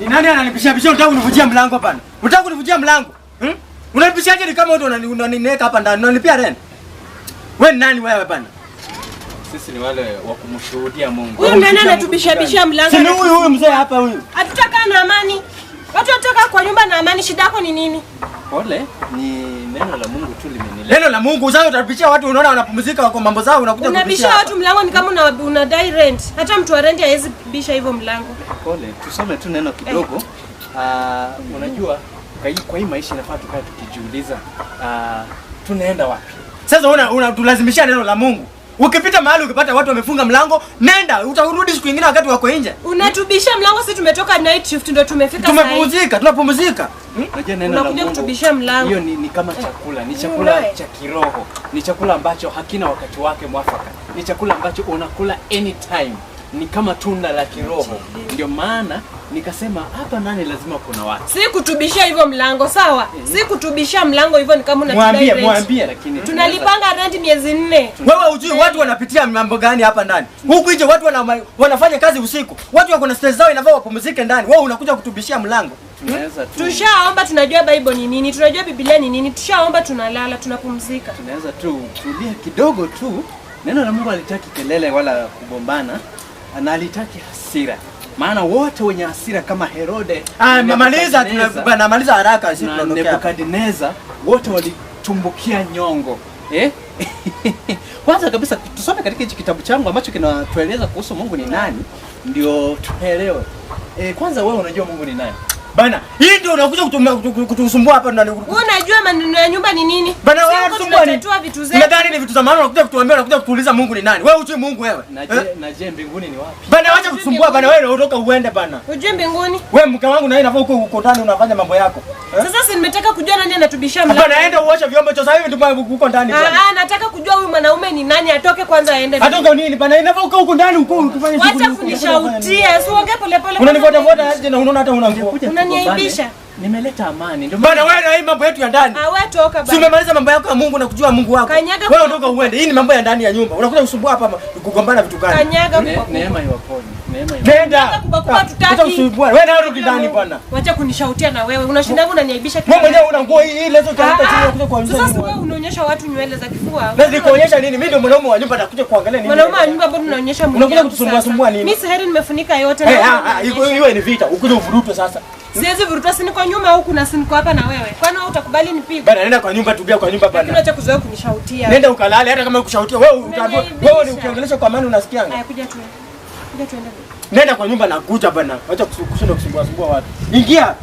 Ni nani ananipishia pishia? Unataka kunivunjia mlango hapa? Unataka kunivunjia mlango? Hmm? Unanipishiaje ni kama wewe unaniweka hapa ndani? Unanipia rent? Wewe ni nani wewe bana? Sisi ni wale wa kumshuhudia Mungu. Huyu nani anatubishia bishia mlango? Si huyu huyu mzee hapa huyu. Hatutaka na amani. Amani, shida yako ni nini? Pole, ni neno la Mungu tu limenileta. Neno la Mungu sasa utapishia watu unaona wanapumzika wako mambo zao unakuja kubisha. Unabisha watu mlango ni kama una, una dai rent. Hata mtu wa rent hawezi bisha hivyo mlango. Pole, tusome tu neno kidogo. Eh. Uh, unajua kwa hii kwa hii maisha inafaa tukae tukijiuliza, uh, tunaenda wapi? Sasa una, una tulazimisha neno la Mungu. Ukipita mahali ukipata watu wamefunga mlango, nenda utarudi siku nyingine wakati wako nje. Unatubisha mlango, sisi tumetoka night shift ndio tumefika sasa. Tumepumzika, tunapumzika. Hmm? Unakuja kutubisha mlango. Hiyo ni, ni kama chakula, ni chakula cha kiroho. Ni chakula ambacho hakina wakati wake mwafaka. Ni chakula ambacho unakula anytime. Ni kama tunda la kiroho. Ndio maana nikasema hapa nane lazima kuna watu. Si kutubisha hivyo mlango sawa? mm -hmm. Si kutubisha mlango hivyo ni kama unatudai rent. Mwambie lakini tunalipanga rent miezi nne. Wewe hujui watu wanapitia mambo gani hapa ndani. Huku nje watu wana, wanafanya kazi usiku. Watu wako na stress zao inafaa wapumzike ndani. Wewe unakuja kutubishia mlango. Tunaweza Tushaomba tunajua Bible ni nini, tunajua Biblia ni nini. Tushaomba tunalala, tunapumzika. Tunaweza tu tulia kidogo tu. Neno la Mungu alitaki kelele wala kugombana. Na halitaki hasira maana wote wenye hasira kama Herode ah, maliza, haraka, sisi tunaondoka. Nebukadneza wote walitumbukia nyongo eh? Kwanza kabisa tusome katika hichi kitabu changu ambacho kinatueleza kuhusu Mungu ni nani, ndio tuelewe. Eh, kwanza wewe unajua Mungu ni nani? Bana, hii ndio unakuja kutusumbua hapa ndani. Wewe unajua maneno ya nyumba ni nini? Bana wewe unasumbua ni vitu zetu. Nadhani ni vitu za maana unakuja kutuambia unakuja kutuuliza Mungu ni nani? Wewe ujui Mungu wewe. Na eh? je, na je mbinguni ni wapi? Bana acha kutusumbua bana wewe unatoka uende bana. Ujui mbinguni? Wewe mke wangu na yeye anafaa uko uko ndani unafanya mambo yako. Eh? Sasa si nimetaka kujua anatubisha mlango. Naenda uosha vyombo cho sasa hivi ndipo huko ndani. Ah, ah, nataka kujua huyu mwanaume ni nani, atoke kwanza aende. Atoke nini bana? inafaa huko huko ndani huko ukifanya shughuli. Wacha kunishautia. Si Usiongee pole pole. Unanifuata vota aje na unaona hata una nguo. Unaniaibisha. Nimeleta amani. Ndio maana wewe na hii mambo yetu ya ndani. Ah, wewe toka bana. Si umemaliza mambo yako ya Mungu na kujua Mungu wako. Wewe ondoka uende. Hii ni mambo ya ndani ya nyumba. Unakuja usumbua hapa kugombana vitu gani? Kanyaga huko. Neema iwaponye. Nenda. Ah, acha usibwe. Wewe nao ukidani ah, ah. unaonyesha watu nywele za kifua. nikuonyesha nini? Mimi ndio mwanaume wa nyumba nitakuja kuangalia nini. Mwanaume wa nyumba bado unaonyesha mimi. Unakuja kutusumbua sumbua nini? Mimi sahari nimefunika yote eh, na. ni vita. Ukuje uvurutwe sasa. Siwezi vurutwa si niko nyuma huku na si niko hapa na wewe. Kwani wewe utakubali nipige? Bana nenda kwa nyumba tubia kwa nyumba bana. Lakini acha kuzoea kunishautia. Nenda ukalale hata kama ukushautia wewe utaambiwa wewe ni ukiongelesha kwa maana unasikianga. Haya kuja tu. Nenda kwa nyumba na kuja bana. Acha kusumbua sumbua watu. Ingia.